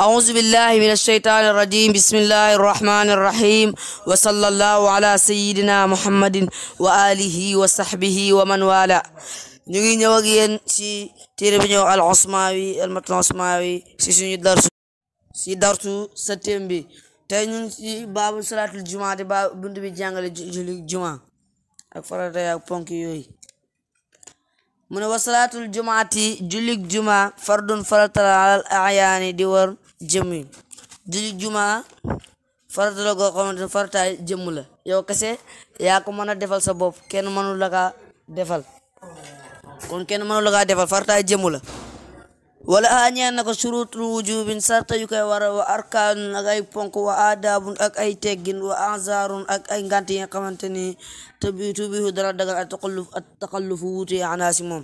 أعوذ بالله من الشيطان الرجيم بسم الله الرحمن الرحيم وصلى الله على سيدنا محمد وآله وصحبه ومن والاه ñu ngi ñëw ak yéen ci téere bi ñëw al osmawi al matn osmawi si suñu darsu si darsu septième bi tey ñun ci baabu salaatul jumaa di baabu bunt bi jàngale julli jumaa ak farata ak ponk yooyu mu ne wa salaatul jumaati jullig juma fardun faratala alal ayaani di war jëm yi jullig juma faratala goo farataay jëmm la yow kese yaa ko mën a defal sa bopp kenn mënu la kaa defal kon kenn mënu la kaa defal farataay jëmm la wala haa ñeel ko shurutul wujubin sarta yu koy wara wa arkaanun ay ponk wa aadaabun ay teggin wa anzaarun ak ay ngant yi nga xamante ni tabiitu bihu dana dagal at taqalluf at taqallufu wuute anaa moom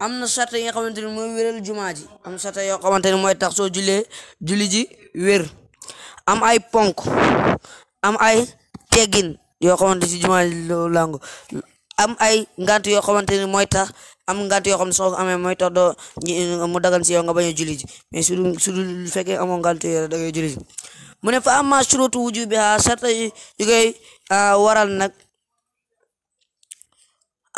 am na sarta yi nga xamante ni mooy wéral jumaa am na sarta xamante ni mooy tax soo julee ji wér ay ponk am ay teggin yoo xamante ci jumaa ji am ay ngant yoo xamante ni mooy am ngànt yoo xam ne soo ko amee mooy tax doo eh, mu dagan si yow nga bañ a mais su dul su dul fekkee amoo ngànt yoo da ngay julli mu ne fa amma shurutu wujubiha sarta yu koy ah, waral nag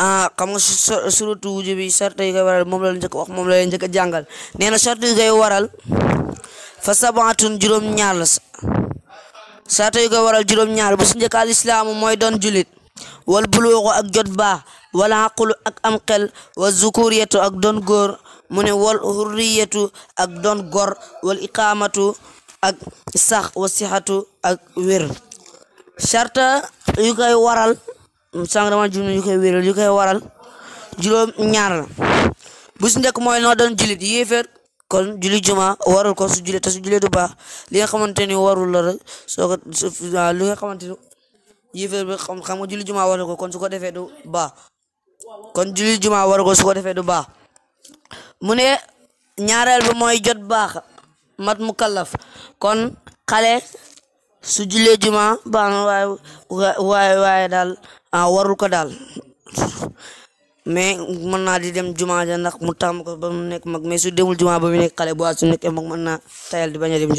ah xam nga surutu wujub bi sart yi koy waral moom la njëkk wax moom la leen njëkk a jàngal nee na sart yi koy waral fa sabaatun juróom-ñaar la sart waral juróom-ñaar bu si njëkk al mooy doon julit wal buluuxu ak jot baax wala xaqulu ak am xel wa zukuriyatu ak doon góor mu ne wal hurriyatu ak doon góor wal iqaamatu ak sax wa sixatu ak wér sharta yu koy waral sànq dama jum yu koy wéral yu koy waral juróom ñaar la bu mooy noo doon julit yéeféer kon juli juma warul ko su julee te su julee baax li nga xamante ni warul la rek soo ko li nga xamante ni yéeféer bi xam nga julli jumaa waru ko kon su ko defee du baax kon julli juma waru ko su ko defee du baax mu ne ñaareel bi mooy jot baax mat mu kallaf kon xale su jullee juma baax na waaye waaye waaye daal ah, warul ko daal mais mën naa di dem juma ja ndax mu tàmm ko ba mu nekk mag mais su demul juma ba mu nekk xale bu su nekkee mag mën naa tayal di bañ a dem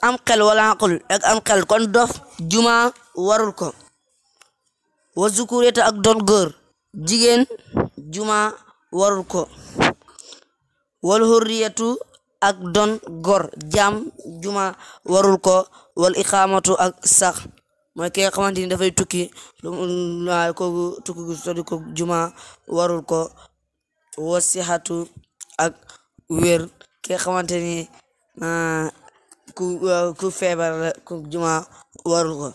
am xel wala xaqul ak am xel kon dof juma warul ko wa zukureta ak doon góor jigéen juma warul ko wal hurriyatu ak doon góor jaam juma warul ko wal iqamatu ak sax ma ki nga xamante ni dafay tukki kooku tukki gu sori ko juma warul ko wa sihatu ak wér ki nga ku ku feebar la ku juma warul ko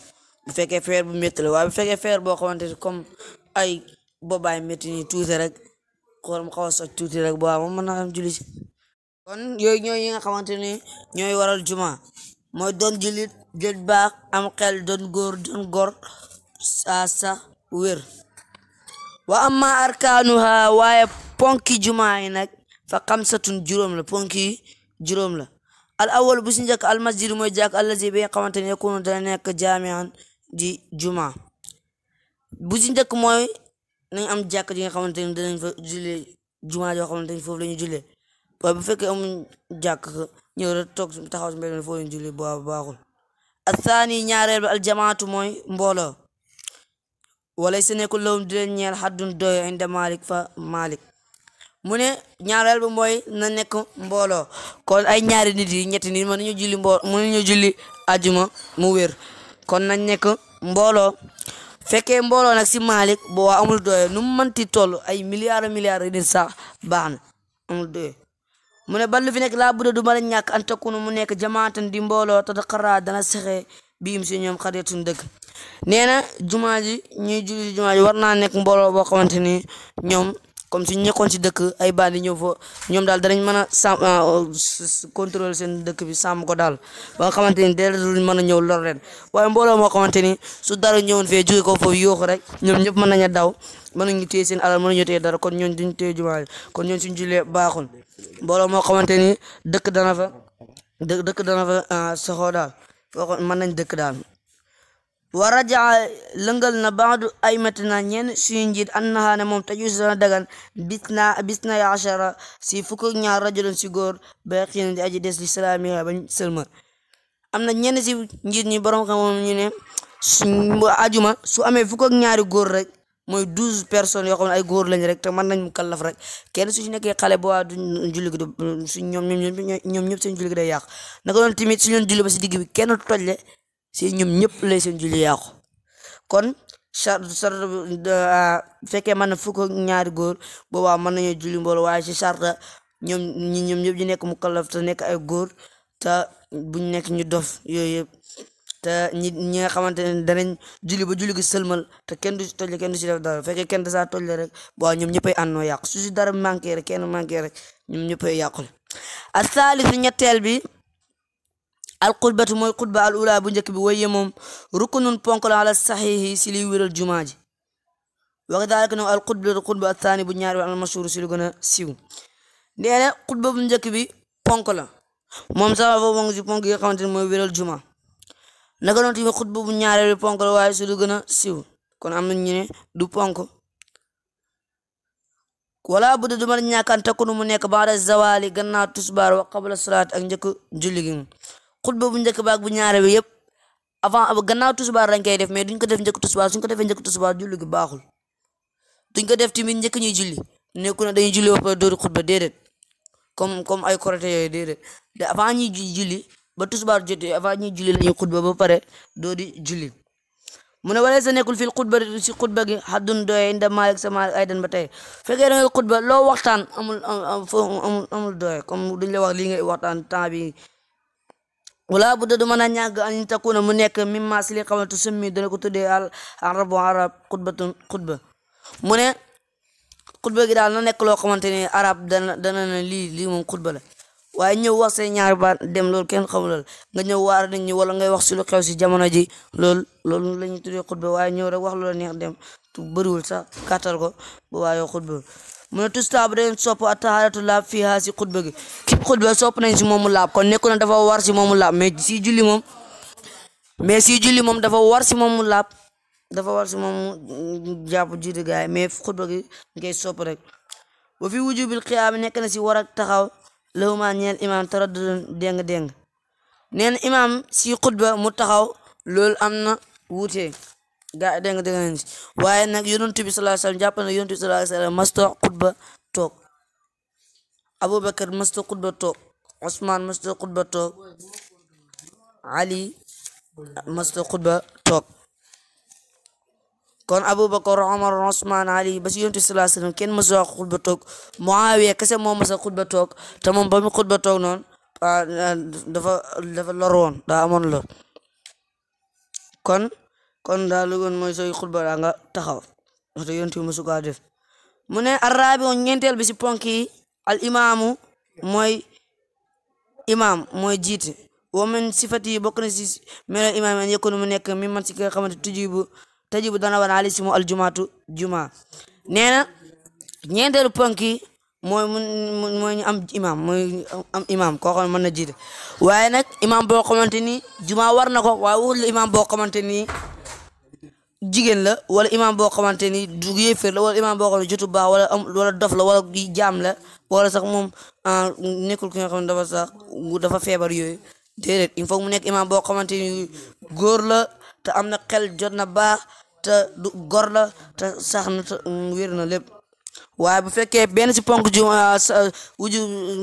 bu fekkee feer bu metti la waaye bu fekkee feer boo xamante ni comme ay boobaay métti ni tuuti rek xool mu xaw a soj rek boo moom mën na am kon yooyu ñooy yi nga xamante ni ñooy waral juma mooy doon jullit jot baak am xel doon góor doon góor saa sa wér wa amma arkaanuha waaye ponki juma yi nag fa xamsatun juróom la ponki juróom la al awal bu si njëkk al masjid mooy jàkk allazi bi nga xamante ne yakunu dana nekk jaamian di juma bu si njëkk mooy nañ am jàkk ji nga xamante ne danañ fa jullee juma joo xamante ne foofu la ñu jullee waaye bu fekkee amuñ jàkk ñëw rek toog taxaw si mbedd mi foofu la ñu jullee boobu baaxul athaani ñaareel ba aljamaatu mooy mbooloo walay sa nekkul lawum di leen ñeel xaddun doy inda malik fa malik mu ne ñaareel ba mooy na nekk mbooloo kon ay ñaari nit yi ñetti nit mënuñu julli mbool mënuñu julli ajuma mu wér kon nañ nekk mbooloo fekke mbooloo nag si Malik boo amul doye nu mu mënti toll ay milliards milliards yi sa baax na amul doye mu ne ballu fi nekk laa budda du mën a ñàkk an takunu mu nekk jamaatan di mbooloo te xaraa dana sexe biim si ñoom xaritun dëgg nee na jumaa ji ñuy julli jumaa ji war naa nekk mbooloo boo xamante ni ñoom comme suñ nekkoon si dëkk ay bandi ñëw fa ñoom daal danañ mën a sàmm ah, contrôler seen dëkk bi sàmm ko daal ba xamante ni deeluñ mën a ñëw lor leen waaye mbooloo moo xamante ni su dara ñëwoon fee jóge ko foofu yooxu rek ñoom ñëpp mën nañ a daw mënuñu téye seen alal mënuñu téye dara kon ñooñ duñ téye jumaa kon ñooñ suñ jullee baaxul mbooloo moo xamante ni dëkk dana fa dëkk dana fa ah, soxoo daal foo mën nañ dëkk daal wa rajaa lëngal na baadu aymatina ñenn suñu njiit annaha ne moom tajuus dana dagan bisna bisna yaashara si fukk ak ñaar rajulan si góor ba xiin di aji des li salaamiha bañ sëlma am na ñenn si njiit ñi borom xam moom ñu ne su ajuma su amee fukk ak ñaari góor rek mooy douze personnes yoo xam ne ay góor lañ rek te mën nañ mu kallaf rek kenn su ci nekkee xale bu waa du julli gi du su ñoom ñoom ñoom ñëpp seen julli gi day yàq si digg bi kenn tojle si ñoom ñëpp lay seen julli yàqu kon char char fekkee mën na fukk ñaari góor boobaa mën nañoo julli mbooloo waaye si charta ñoom ñi ñoom ñëpp ñu nekk mu kalaf te nekk ay góor bu ñu nekk ñu dof yooyu yëpp te ñi ñi nga xamante ne danañ julli ba julli gi sëlmal te kenn du si tolle kenn du si def dara fekkee kenn da saa tolle rek boobaa ñoom ñëppay àndoo yàqu su si dara manqué rek kenn manqué rek ñoom ñëppay yàqul a thaalithu ñetteel bi alxutbatu mooy xutba al ula bu njëkk bi waye moom rukunun ponk la ala saxiixi si liy wéral jumaa ji wa kadalika nag alxutbatu xutba athaani bu ñaari wal almashhur si lu gën a siiw nee na xutba bu njëkk bi ponk la moom sama foofu moom si ponk yi bu ñaareel bi ponk la waaye si lu gën a siiw kon am nañu ne du ponk wala bu dee du mën a ñàkk an mu nekk baada zawaali gannaaw tusbaar wa qabla salaat ak njëkk julli gi xutba bu njëkk ba ak bu ñaare bi yëpp avant gannaaw tusubaar lañ koy def mais duñ ko def njëkk tusubaar suñ ko defee njëkk tusubaar julli gi baaxul duñ ko def tamit njëkk ñuy julli nekku na dañuy julli ba pare dóori xutba déedéet comme comme ay korité yooyu déedéet avant ñuy julli ba tusubaar jotee avant ñuy julli ba pare doori julli mu ne wala sa nekkul fil xutba si xutba gi xaddun doye inda Malik sa Malik aydan ba tey fekkee da ngay xutba loo waxtaan amul amul amul doye comme duñ la wax lii ngay waxtaan temps wala bu da du mën a ñàgg an takuna mu nekk mimma si li xam ne tusummi dana ko tuddee al arabu arab xutbatun xutba mu ne xutba gi daal na nekk loo xamante ni arab dana dana ne lii lii moom xutba la waaye ñëw wax say ñaari baat dem loolu kenn xamul nga ñëw waar nit ñi wala ngay wax si lu xew si jamono ji loolu loolu la ñu tuddee xutba waaye ñëw rek wax lu la neex dem tu bëriwul sax kàttal ko bu waayoo xutba mu ne tustaab den sopp ataharatu laab fii haa si xutba gi ki xutba sopp nañ si moomu laab kon nekku na dafa war si moomu laab mais si julli moom mais si julli moom dafa war si moomu laab dafa war si moom jàpp jiitu gaay mais xutba gi ngay sopp rek wa fi wujubil qiyaam nekk na si war a taxaw lawuma ñeel imaam taraddudun déng-déng neen imaam si xutba mu taxaw loolu am na wuute gaa dégg nga dégg nañ waaye nag yonent bi sallallahu alayhi wasallam jàpp na yonent bi sallallahu alayhi wasallam masta xutba toog Abubakar masta xutba toog Usmaan masta xutba toog Ali masta xutba toog kon Abubakar Omar Usmaan Ali ba ci yonent bi sallallahu alayhi kenn masta xutba toog Muawiya kese moo masta xutba toog te moom ba mu xutba toog noon dafa dafa lor woon daa amoon lor kon kon daal lu gën mooy sooy xutba daa nga taxaw wate yontu musu kaa def mu ne araabi on ñeenteel bi si ponk yi al imaamu mooy imaam mooy jiite wa min sifati yi bokk na si melo imaam mu nekk mi man si nga xamante tujibu tajibu dana wan ali si mu aljumaatu juma nee na ñeenteelu ponk yi mooy mooy ñu am imaam mooy am imaam mën na jiite waaye nag imaam boo xamante ni war na ko waaye wuxul imaam boo xamante jigéen la wala imaam boo xamante ni du yéeféer la wala imaam boo xam jotu baax wala am wala dof la wala di jaam la wala sax moom ah, nekkul ki nga xam dafa feebar yooyu déedéet il mu nekk imaam boo xamante ni góor la te am na xel jot na baax te du gor la te sax na te mm, wér na lépp waaye bu fekkee benn si ponk juma ah, wuju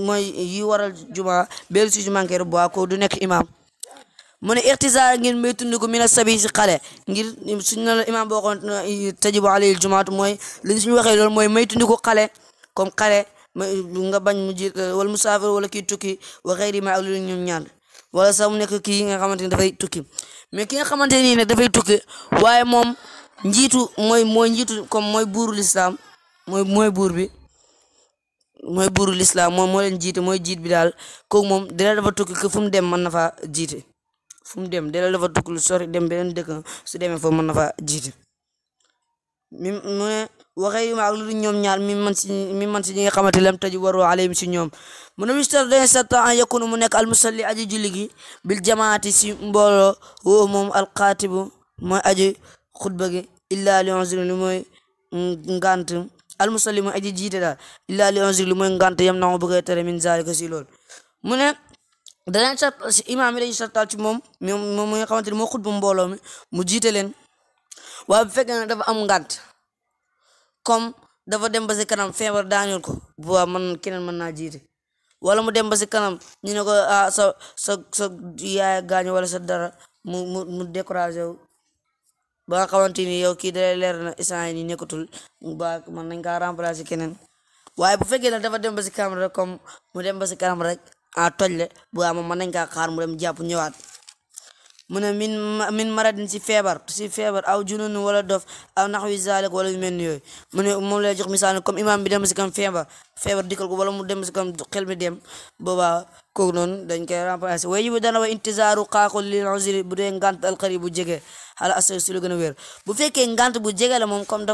mooy yi waral juma benn si juma manqué bu ko du nekk imaam mu ne ixtisaar ngeen may tundiku mina sabi si xale ngir suñu ne la imaam boo xoon tajibu mooy li suñu waxee loolu mooy may tundiku xale comme xale nga bañ mu ji wala musaafir wala kii tukki wa xëyri ma ak lu ñoom ñaar wala sax mu nekk kii nga xamante ne dafay tukki mais ki nga xamante nii ne dafay tukki waaye moom njiitu moy mooy njiitu comme mooy buuru lislaam mooy mooy buur bi mooy buuru lislaam moom moo leen jiite mooy jiit bi daal kooku moom dina dafa tukki que fu mu dem mën na faa jiite fu mu dem delloo dafa dugg lu sori dem beneen dëkk su demee foofu mën na fa jiite mi mu ne waxee yu mi man si mi man si ñi nga xamante lam taji waru alayhim si ñoom mu ne mistar dañ sarta an yakunu mu nekk almusalli aji julli gi bil jamaati si mbooloo woo moom alxaatibu mooy aji xutba gi illa li onzir li mooy ngant almusalli mooy aji jiite daal illa li onzir li mooy ngant yam na mu bëgg min zalika si loolu mu danañ sart imaam yi dañuy sartaal ci moom moom mi nga xamante ni moo xutba mbooloo mi mu jiite leen waaye bu fekkee ne dafa am ngànt comme dafa dem ba si kanam feebar daañul ko bu waa man keneen mën naa jiite wala mu dem ba si kanam ñu ne ko ah sa sa sa yaay gaañu wala sa dara mu mu mu découragé wu ba nga ni yow kii dalay leer na isaan yi nekkatul ba man nañ kaa remplacer keneen waaye bu fekkee ne dafa dem ba si kanam rek comme mu dem ba si kanam rek. a ah, tojle bu ama mën nañ kaa xaar mu dem jàpp ñëwaat mu ne min min maradin si feebar si feebar aw junun wala dof aw naxwi zalik wala yu mel ni yooyu mu ne moom lay jox misaal comme imam bi dem si kam feebar feebar dikkal wala mu dem si kam xel mi dem booba kooku noonu dañ koy remplacer way yibu dana wa intizaaru xaaqul lil uzri bu dee ngant alqari bu jege xala asay su lu gën a wér bu fekkee ngant bu jege la moom comme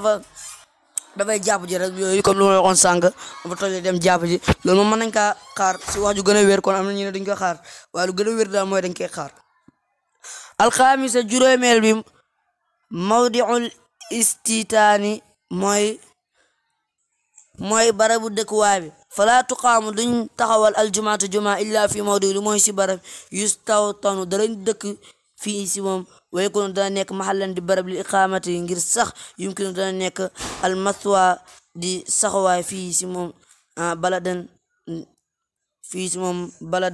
dafay jàpp ji rek yooyu comme lu ma waxoon sànq ba tojee dem jàpp ji loolu moom mën nañ kaa si wax ju gën a kon am na ñu ne dañ koy xaar waaye lu gën a wér daal mooy dañ koy xaar alxamisa bi mawdiul istitaani mooy mooy barabu dëkkuwaay bi fala tuqaamu duñ taxawal aljumaatu juma illa fi mawdi lu mooy si barab yustawtanu darañ dëkk fii si wa yakunu dana nekk mahallan di barab li iqaamati ngir sax yumkinu dana nekk almathwa di saxwaay ah, fii si moom baladan fii si moom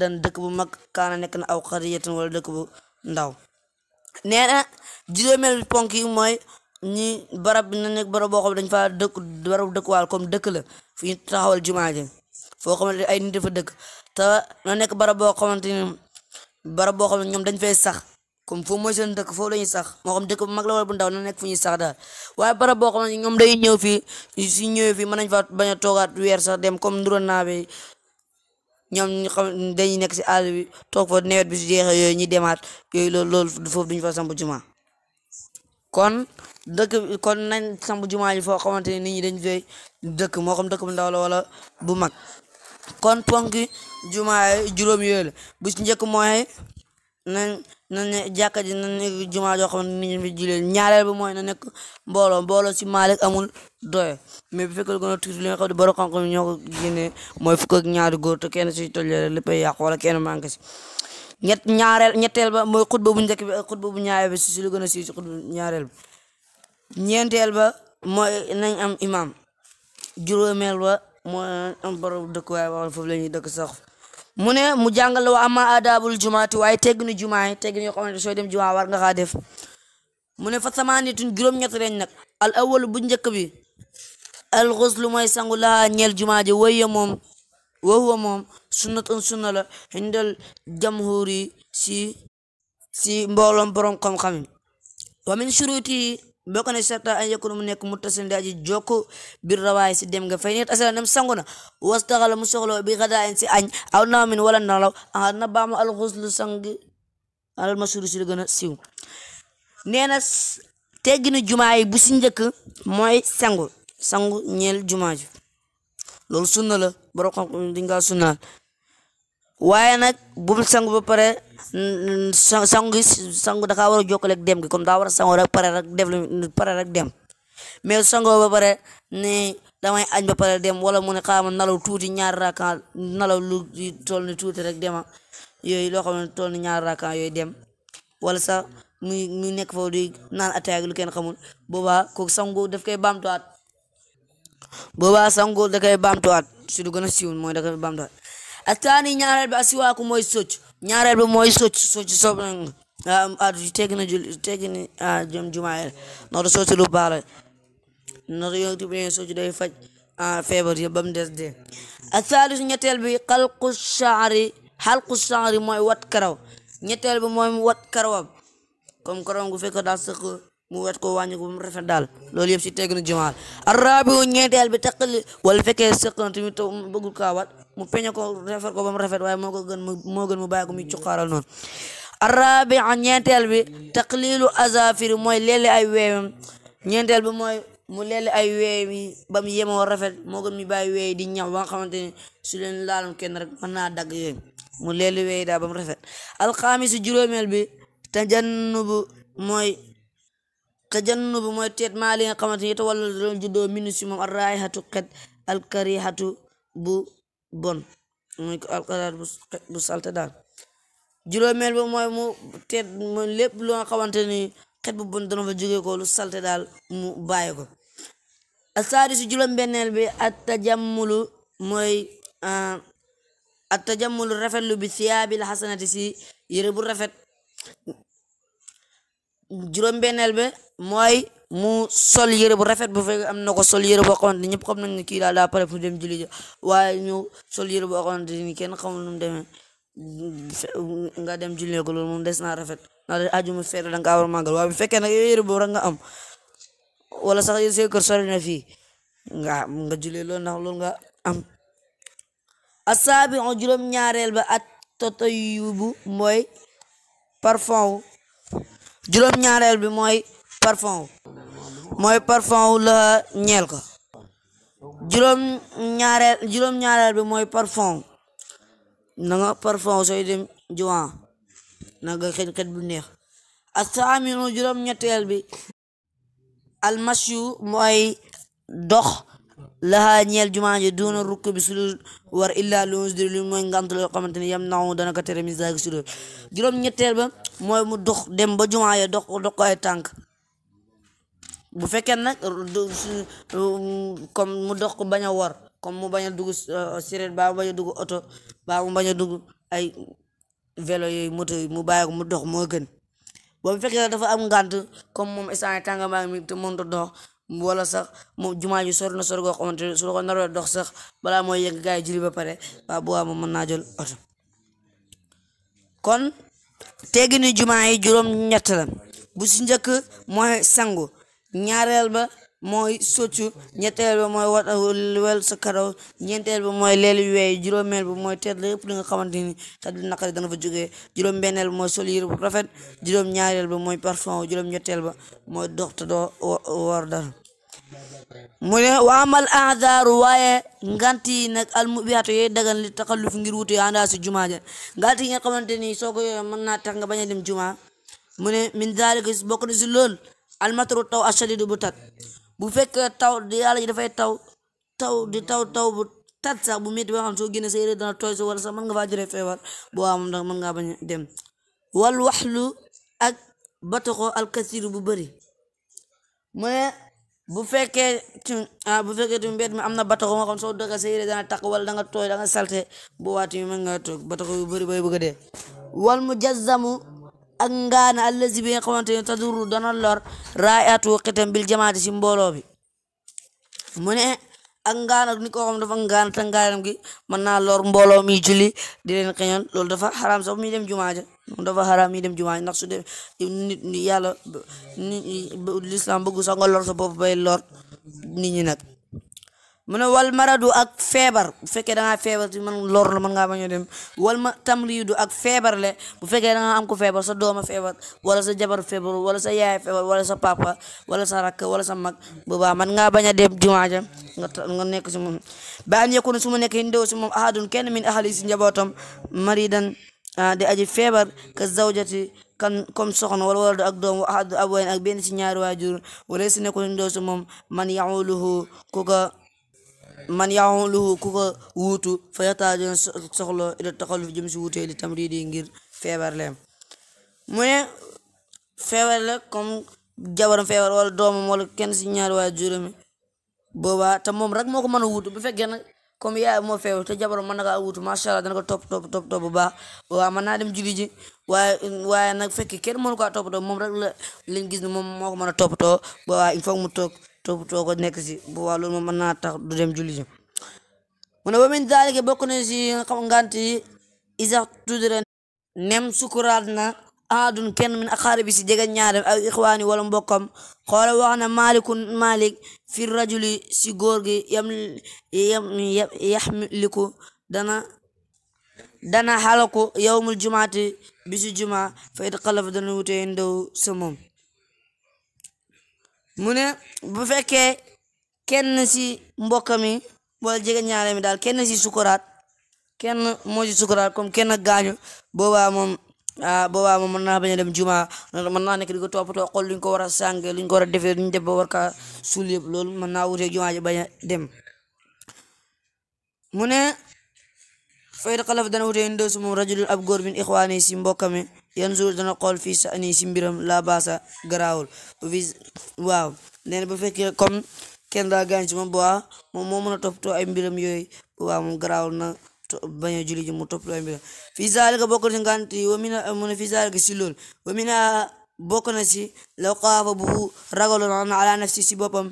dan dëkk bu mag kaana nekk na aw xariyatan wala dëkk bu ndaw nee na juróomeel ponk yi mooy ñi barab bi na nekk barab boo xam dañ fa dëkk barab dëkkuwaal comme dëkk la fi ñu taxawal jumaa ji foo xamante ne nekk barab boo xamante ni boo xam ñoom dañ fay sax comme foofu mooy seen dëkk foofu la ñuy sax moo xam dëkk bu mag la wala bu ndaw ñoom day ñëw fii si ñëwee fii mën nañ fa a toogaat weer sax dem comme ndura naa bi ñoom ñu xam nekk si àll bi toog nawet bi su jeexee yooyu ñuy demaat yooyu loolu loolu foofu duñu fa samp juma kon dëkk kon nañ samp juma yi foo xamante ni nit ñi dañ fay dëkk moo xam dëkk bu ndaw la bu mag kon juróom yooyu la bu ci njëkk mooy nañ nañ ne jàkka ji nañ nekk jumaa joo xam ne nit ñi fi mooy na nekk mbooloo mbooloo si Malick amul doye mais bu fekk gën a tuuti li nga xam ne borom xam ñoo ko mooy fukk ak ñaari góor kenn si tollee lépp yàqu wala kenn manqué si ñaareel ñetteel ba mooy xutba bu njëkk bi ak xutba bu ñaareel si si lu gën a si ba mooy am imam juróomeel ba mooy am borom dëkkuwaay boo xam ne foofu la ñuy dëkk sax mu ne mu jàngal wa ama adabul jumaati waaye tegg jumaay tegginu yoo xamante sooy dem jumaa war nga xaa def mu ne fa samaanitun juróom-ñett reñ nag al awwalu bu njëkk bi al xuslu mooy sangu lahaa ñeel jumaa ji wayya moom wa huwa moom sunnatun sunna la hindal jamhuri si si mbooloom borom xam-xam wa min shuruti bokk na sarta an yakun mu nekk muttasil di aji jokk bir rawaay si dem nga fay nit nem sangu na wastaxala mu soxla bi xada en si aw naaw min wala nalaw a ah, na baamu alxuslu sang al masuru si gën a siiw nee na tegginu jumaa njëkk mooy sangu sangu ñeel jumaa loolu sunna la dinga sunnaal waaye nag bul sangu ba pare mm, sangu gi sangu da kaa war a jokkaleeg dem gi comme daa war a sangu rek pare rek def pare dem mais sangoo ba pare ni damay añ ba pare dem wala mu ne xaama nalaw tuuti ñaari rakan nalaw lu toll ni tuuti rek dema yooyu loo xam ne toll ni ñaari rakan yooyu dem wala sax muy muy nekk foofu di naan ataaya lu xamul boobaa kooku sangu daf koy baamtuwaat boobaa sangu da koy baamtuwaat su du gën a siiw mooy da koy attaani ñaareel bi asiwaaku mooy soccu ñaareel bi mooy soccu soccu sob adu tegg na jul tegg ni jom jumaayel noto lu baax la noto yo tibne soccu faj ah, feebar yëpp bam des de athaalis ñetteel bi xalqu shaari xalqu shaari mooy wat karaw ñetteel bi mooy wat karawam comme karaw gu fekk daa sëq mu wet ko wàññi ko mu rafet daal loolu yëpp si tegginu jumaal arrabiu ñeenteel bi taqali wala fekkee sëqan tamit taw bëggul kaawat mu peñe ko rafet ko ba mu rafet waaye moo ko gën moo gën mu bàyyi ko muy cuqaaral noonu arrabia ñeenteel bi taqlilu azafiri mooy leele ay weewam ñeenteel bi mooy mu leele ay weew ba mu yemoo rafet moo gën mu bàyyi weey di ñaw ba nga xamante ni su leen laalum kenn rek mën naa dagg yooyu mu leele weey daal ba mu rafet alxaamisu juróomeel bi tajannubu mooy tajannubu mooy teet maa nga xamante ni te wala doon juddoo minu si moom arraihatu xet alkarihatu bu bon mooy alkarihatu bu salte daal juróomeel ba mooy mu teet lépp lu nga xamante ni xet bu bon dana fa jógee ko lu salte daal mu bàyyi ko asaari si juróom benneel bi at tajammulu mooy ah, at tajammulu rafetlu bi siyaabil xasanati si yére bu rafet juróom-benneel bi mooy mu sol yére bu rafet bu fekkee am na ko sol yére boo xamante ni xam nañ kii daal daa pare pour dem waaye ñu sol yére boo kenn xamul nu mu demee nga dem julli ko loolu moom des naa rafet ndax ajuma feere da war a màggal waaye bu fekkee nag yére boobu rek nga am wala sax yéen seen kër sori na fii nga nga julli loolu ndax loolu nga am asaabi juróom-ñaareel ba at toto mooy parfum juróom ñaareel bi mooy parfum wu mooy parfum wu ñeel ko juróom ñaareel juróom ñaareel bi mooy parfum na nga parfum wu sooy dem juwan na nga xet xet bu neex asaaminu juróom ñetteel bi almasyu mooy dox lahaa ñeel jumaa ji doona rukk bi su war illaa lu musdir lu mooy ngant loo xamante ni yam naw dana ko tere mi zaag su dul juróom ñetteel ba mooy mu dox dem ba jumaa ya dox dox ay tànk bu fekkee nag comme mu dox ko bañ a war comme mu bañ a dugg euh, siret baa mu bañ a dugg oto baa mu bañ a dugg ay vélo yooyu moto yi mu bàyyi mu dox moo gën boo fekkee dafa am ngant comme moom instant tànga maa ngi te mënut a dox wala sax moom jumaa ji sori na sori goo xamante ne su dox sax balaa mooy yegg gaa yi julli ba pare waa boobaa moom mën naa oto kon teggi ni jumaa yi juróom ñett bu si njëkk mooy sangu ñaareel ba mooy soccu ñetteel ba mooy wel sa karaw ñeenteel ba mooy leelu weey juróomeel ba mooy teet la yëpp li nga xamante ni xet bu naqari dana fa jógee juróom benneel ba mooy sol yére bu rafet juróom ñaareel ba mooy parfum juróom ba mooy dox te doo war dara mu ne wa amal ahdaaru waaye ngant yi nag almubiyaatu yooyu dagan li taxalluf ngir wuti àndaa jumaa ja ngant yi nga xamante ni soo mën naa tax nga bañ dem jumaa mu ne min daalika bokk na si lool almatru taw ashadidu bu tat bu fekkee taw yàlla ji dafay taw taw di taw taw bu tat sax bu métti ba xam soo génne sa yére dana tooy sa wala sax mën nga faa jëlee feebar boo am ndax mën ngaa bañ dem wal ak batoxo alkasiru bu bëri mu bu fekkee bu fekkee tu mbedd mi am na batoxo nga xam soo daga sa yére tooy danga salte bu waati mën nga toog batoxo bu bëri bay bëgg a dee wal mu ak ngaana allazi bi nga xamante ne taduru dana lor raayatu xitam bil jamaati si mbooloo bi mu ne ak ngaana ni ko xam dafa ngaana te gi mën naa lor mbooloo mi julli di leen xëñoon loolu dafa xaraam sax mi dem jumaa ja dafa xaraam mi dem jumaa ja ndax su dee nit yàlla lislaam bëggu sax nga lor sa bopp bay lor nit ñi mu ne wal maradu ak feebar bu fekkee dangaa feebar si man lor man mën ngaa bañ dem wal ma tamriidu ak feebar le bu fekkee dangaa am ko feebar sa dooma feebar wala sa jabar feebar wala sa yaay wala sa papa wala sa rakk wala sa mag baa man ngaa bañ a dem jumaa ja nga nekk si moom ba an yakuna su ma nekk hindew si moom ahadun kenn min ahali si njabootam maridan ah, di aji feebar ka zawjati kan comme soxna wala ak doom wa ahadu abawayn ak benn si ñaari waajur wala si nekkul hindew moom man yauluhu ku ko man yaaxonluhu ku ko wuutu fa yaxtaa dina soxlo ila taxaluf jëm si wuutee tam tamriid di ngir feebar leen mu ne feebar la comme jabaram feebar wala doomam wala kenn si ñaari waa juróomi boobaa te moom rek moo ko mën a wuutu bu fekkee nag comme moo feebar te mën na kaa wuutu macha allah dana ko topp topp topp topp bu baax waaw naa dem julli ji waaye waaye nag fekk kenn mënu kaa toppatoo moom rek la lañ gis ne moom moo ko mën a toppatoo boobaa il faut mu toog toog toog a nekk si bu waa loolu moom mën du dem julli ji mu ne wa min daalika bokk na si xam ngant yi nem sukuraat na aadun kenn min aqaaribi si jege ñaarem ak ixwaani wala mbokkam xoola wax na malikun malik fi rajuli si góor yam yam dana dana xalaku yowmul jumaati bisu juma fa it dana wutee ndaw sa mu ne bu fekkee kenn si mbokkam mi wala jege ñaare mi daal kenn si sukuraat kenn moo si sukuraat comme kenn gaañu boobaa moom ah boobaa moom mën naa bañ a dem juma mën naa nekk di ko toppatoo xool luñ ko war a li luñ ko war a defee luñ def ba war ka suul loolu mën naa wutee juma ji bañ a dem mu ne fayda xalaf dana wutee ndësu moom rajulun ab góor min ixwaani si mbokkam mi yanzur dana xool fii sa ani si mbiram la baasa garaawul waaw nee na bu fekkee comme kenn daa gaañ si moom bu moom moo mën a toppatoo ay mbiram yooyu waaw moom garaawul na bañ a julli ji mu toppatoo ay mbiram fii zaalika bokk na si ngànt yi wa mina mu ne fii zaalika si na si la xaafa bu ragaloon an nafsi si boppam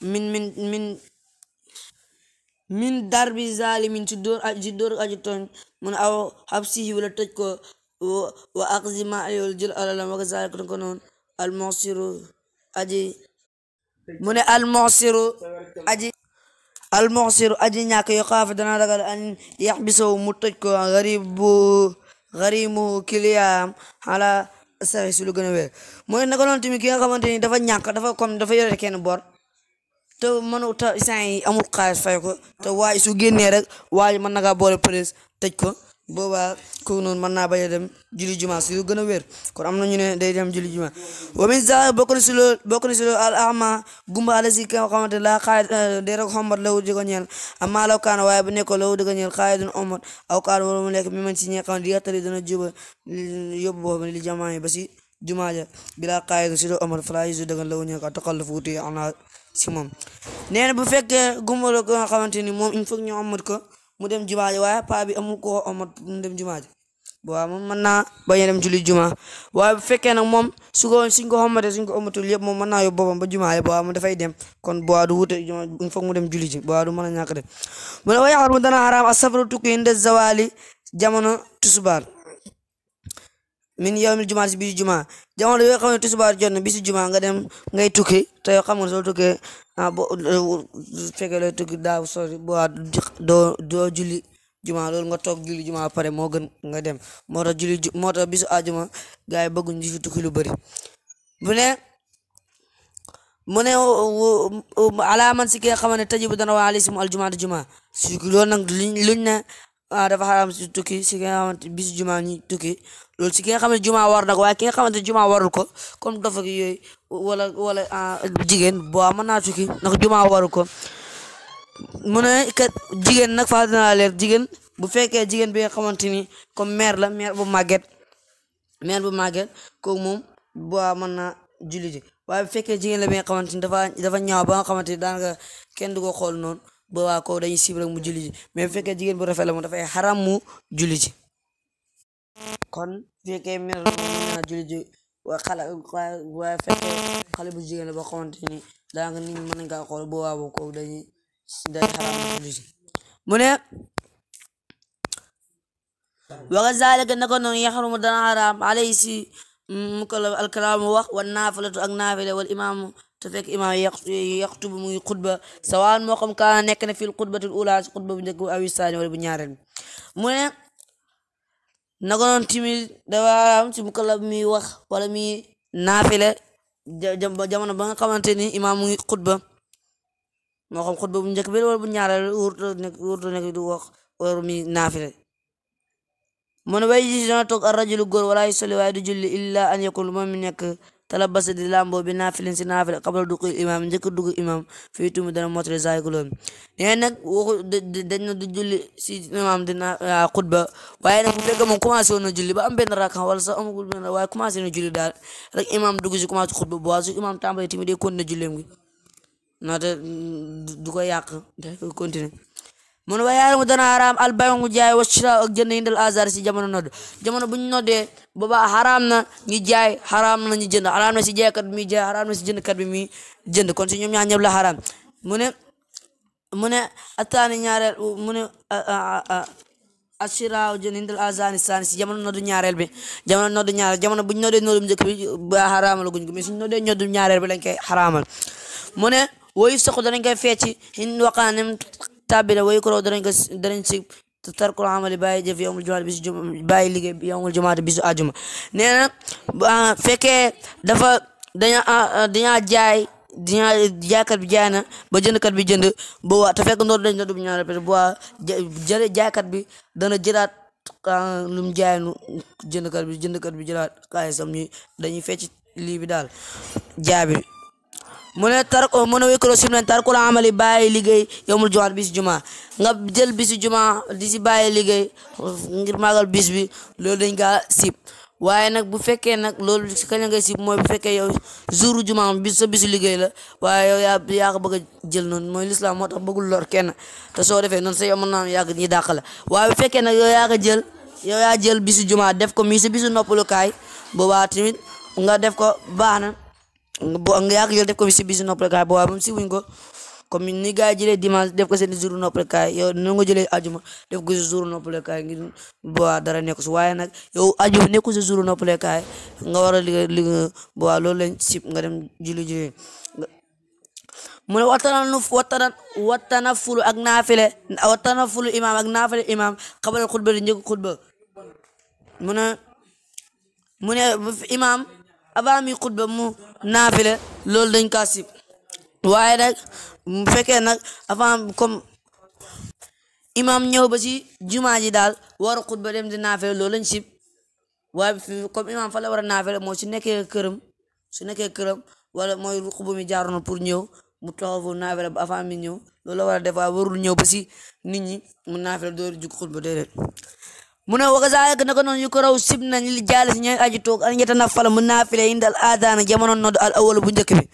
min min min min darbi zalimin ci dóor aji dóor aji tooñ mun aw xabsihi wala tëj ko وأقضي ما يلجل ألم وكذلك نكون المعصر أجي من المعصر أجي المعصر أجي ناك يخاف دنا رغل أن يحبسه متك غريب غريمه كليام على saxi si lu gën a wér mooy naka noonu tamit ki nga xamante ni dafa ñàkk dafa comme dafa yore kenn bor te mënu te sant yi amul fay ko te waaye su génnee rek waaye mën na kaa boole police ko boobaa kooku noonu mën naa bañ a dem julli juma si yu gën a wér kon am na ñu ne day dem julli juma wa min zaa bokk na si loolu bokk na si loolu al ama gumba ala si ka xamante laa xaay eh, day rek xombat lawu di ko ñeel amma law kaana waaye bu nekko lawu di ko ñeel xaay dun man si ñi xam di yattali dana juba yóbbu boobu li jamaay ba si juma ja bila xaay dun si do omot fala yisu dëggan lawu ñeel ka toqal fuuti am naa si moom nee bu fekkee gumba la ko nga xamante ni moom il faut mu dem jumaa ji waaye paa bi amul ko omat mu dem jumaa ji waaw moom mën naa bañ a dem julli jumaa waaye bu fekkee nag moom su ko suñ ko xamante suñ ko amatul yëpp moom man naa yóbbu boppam ba jumaa yi waaw mu dafay dem kon boo du wute jumaa il faut mu dem julli ji waa du man a ñàkk dem mu ne wa yaxar mu dana xaraam a safaru tukki inde zawali jamono tusubaar min yawmil jumaa si bisu jumaa jamono bi nga xam ne tusubaar jot na bisu jumaa nga dem ngay tukki te yow nga soo tukkee ah bo fekkee looy tukki daaw sori bu waa doo doo julli jumaa loolu nga toog julli jumaa pare moo gën nga dem moo tax julli moo tax bisu àjjuma gars yi bëgguñ di tukki lu bëri bu ne mu ne alaa si ki nga xam ne dana waa alisim aljumaa jumaa su loolu nag luñ ne ah dafa xaraam si tukki si nga xamante bis juma ñi tukki loolu si ki nga xam ne juma war na ko waaye ki nga xamante juma warul ko comme dafa ki yooyu wala wala ah, jigéen boo mën naa tukki ndax juma waru ko mu ne kat jigéen nag faa dinaa jigéen bu fekkee jigéen bi nga xamante ni comme la mère bu màgget mère bu màgget kooku moom boo mën naa julli ji waaye bu fekkee jigéen la bi nga dafa dafa ñaaw ba nga xamante ni daanaka kenn du ko xool noonu ba waa kaw dañuy mu julli ji mais bu fekkee jigéen bu rafet la moom dafay xaram mu julli kon bu fekkee mer mën naa julli waaye fekkee xale bu jigéen la ba xamante ni daanaka nit ñi mën nañ xool ba waa bu kaw dañuy day mu julli ji mu ne waga zalika nako dana xaram alayhi si mu ko la wax wa naafilatu ak naafila wal imaamu te fekk imaam yaxtub mu ngi xutba sawaan moo xam kaana nekk na fil xutbatil ula si xutba bu njëkk bi awi saani wala bu ñaareel mu ne naka noonu timit dafa am ci mukallaf mi wax wala mi naafile jamono ba nga xamante ni imaam mu ngi xutba moo xam xutba bu njëkk bi wala bu ñaareel wurto nekk du wax wala mi naafile mu way ji dana toog ar rajulu góor wala yusalli waaye du julli illa an yakun lu moom nekk talabasa di lamboo bi naafilin si naafila qabla duqul imam njëkk dugg imam fii dana motali saay ko loolu nee nag waxu dañ na du julli si imam dina ah, xutba waaye nag bu fekkee moom commencé woon na ba am benn rakka wala sax amagul benn waaye commencé na julli da rek imam dugg si commencé xutba bu waa su imam tàmbali tamit day continuer julleem gi noota du ko yàq day continuer mun wa yaaram dana haram albayu ngu jaay wa shira ak jënd indal azar si jamono nodd jamono bu ñu noddee booba haram na ñu jaay haram na ñu jënd haram na si jaaykat bi muy jaay haram na si jëndkat bi muy jënd kon si ñoom ñaar ñëpp la haram mu ne mu ne ataani ñaareel mu ne asira jënd indal azar saani si jamono nodd ñaareel bi jamono nodd ñaareel jamono bu ñu noddee noddum njëkk bi ba haramal guñ ko mais suñu noddee noddum ñaareel bi lañ koy haramal mu ne woyu soxu danañ koy fecci in waqaanim taabila way ko danañ ko danañ si tarkul amali bàyyi jëf yowmul jumaat bisu bàyyi liggéey yowmul jumaat bisu àjuma nee na fekkee dafa daña ah, ah, dañaa jaay dañaa jaaykat bi jaay na ba jëndkat bi jënd ba te fekk ndoor dañ na dub ñaar répété ba bi dana jëlaat ah, lu mu jaay nu jëndkat bi jëndkat sam ñi dañuy fecc lii bi daal jaabi mu ne tar mu ne wékkaloo sim ko tarkul amali bàyyi liggéey yowmul jumaat bis juma nga jël bisu juma di si bàyyi liggéey ngir màggal bis bi loolu dañ kaa sib waaye nag bu fekkee nag loolu si kañ la ngay sib mooy bu fekkee yow jour juma bis sa bisu liggéey la waaye yow yaa yaa ko bëgg a jël noonu mooy lislaam moo tax bëggul kenn soo defee noonu sa yow mën naa yàgg ñi dàq la waaye fekkee nag yow yaa ko jël yow yaa jël bisu juma def ko mii sa bisu noppalukaay boobaa tamit nga def ko baax na bo nga yàgg jël def ko si bisu noppalekaay boo waa ba mu si wuñ ko ni gars yi jëlee def ko seen jour noppalekaay yow nu nga jëlee ajuma def ko si jour noppalekaay ngir boo waa dara nekku si waaye nag yow ajuma nga war a liggéey liggéey boo waa loolu lañ sib nga dem julli julli mu ne waxtaan nu waxtaan waxtaan fulu ak naafile waxtaan fulu imaam ak naafile imaam xabaral xutba di njëkk xutba mu ne mu ne imaam avant mi xutba mu naafile loolu dañ kaa sib waaye nag mu fekkee nag avant comme imam ñëw ba ci jumaa ji daal war a xutba dem di naafile loolu lañ sib waaye comme imam fa la war a naafile moo su nekkee këram su nekkee këram wala mooy xutba mi jaaroon pour ñëw mu taxaw foofu naafile ba avant mi ñëw loolu la war a def waaye warul ñëw ba si nit ñi mu naafile door jug xutba déedéet mu ne wakazalika naka noonu yu ko raw sib nañ li jaalis ñooy aji toog an yeta nafala mu naafile inda al aadaana jamono nodd al awal bu njëkk bi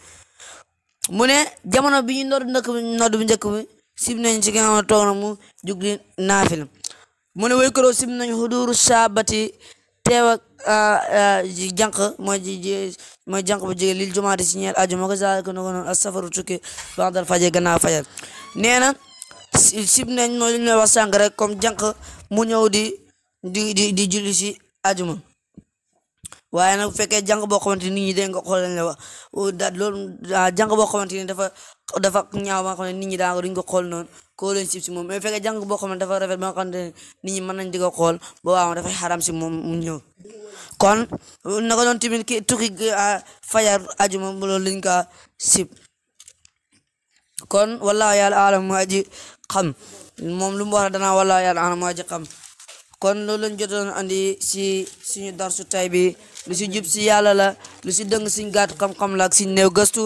mu ne jamono bi ñu nodd ndëkk bi nodd bu njëkk bi sib nañ ci toog na mu jug di naafil mu ne way ko raw sib nañ xuduru saabati teew ak jànq mooy bu jóge lil jumaati si ñeel aju ma ko zaal ko noonu asafaru tukki bandal faje gannaaw fajar nee na sib nañ mooy li ñu wax sànq rek comme jànq mu ñëw di di di di julli si ajuma waaye nag bu fekkee jàng boo xamante ni nit ñi dañ ko xool lañ la wax oh, loolu jàng boo xamante ni dafa dafa ñaaw ba nga xam ne nit ñi daa duñ ko xool noonu koo leen sib si moom mais bu fekkee jàng boo xam ne dafa rafet ba nga xam ne nit ñi mën nañ di ko xool ba waaw dafay xaram si moom mu ñëw kon naka doon tamit ki tukki ah, fajar ajuma loolu lañ ko sib kon wallaahu yàlla alam moo aji xam moom lu mu wax danaa wallaahu kon loolu lañ jot andi si suñu darsu tay bi lu si jub si yàlla la lu si dëng siñ gàttu xam-xam la ak siñ néew gëstu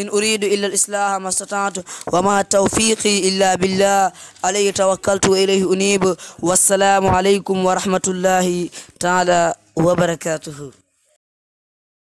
in uridu illa al islaha mastataatu wa ma tawfiqi illa billah alayhi tawakkaltu wa ilayhi unib wassalaamu alaykum wa rahmatullahi taala wa barakatuhu